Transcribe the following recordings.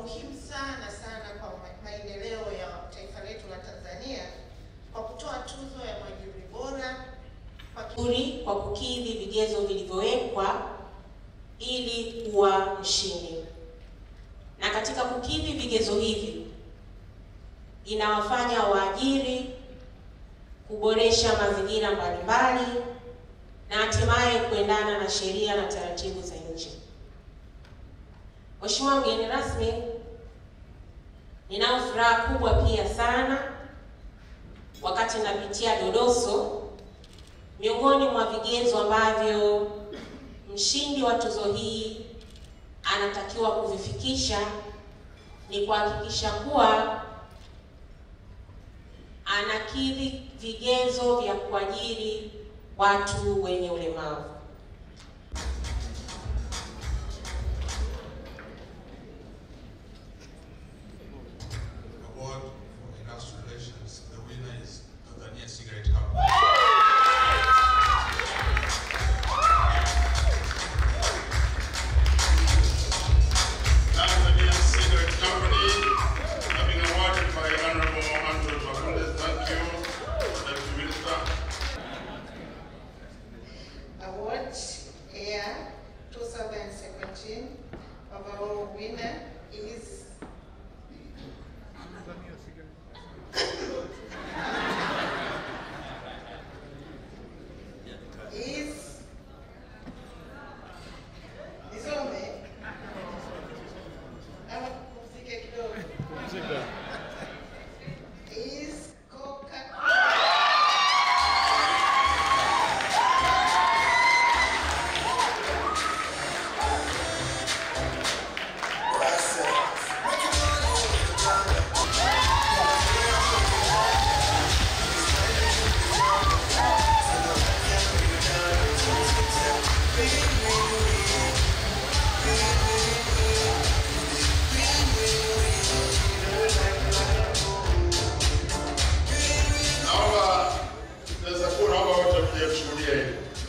muhimu sana sana kwa maendeleo ya taifa letu la Tanzania kwa kutoa tuzo ya mwajiri bora kwa kukidhi vigezo vilivyowekwa ili kuwa mshindi. Na katika kukidhi vigezo hivi, inawafanya waajiri kuboresha mazingira mbalimbali na hatimaye kuendana na sheria na taratibu za nchi. Mheshimiwa mgeni rasmi Ninao furaha kubwa pia sana wakati napitia dodoso, miongoni mwa vigezo ambavyo mshindi wa tuzo hii anatakiwa kuvifikisha ni kuhakikisha kuwa anakidhi vigezo vya kuajiri watu wenye ulemavu. Amen. It is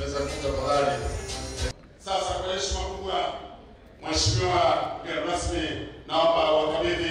Tunaweza kuja tafadhali. Sasa kwa heshima kubwa, Mheshimiwa mgeni rasmi, naomba wakabidhi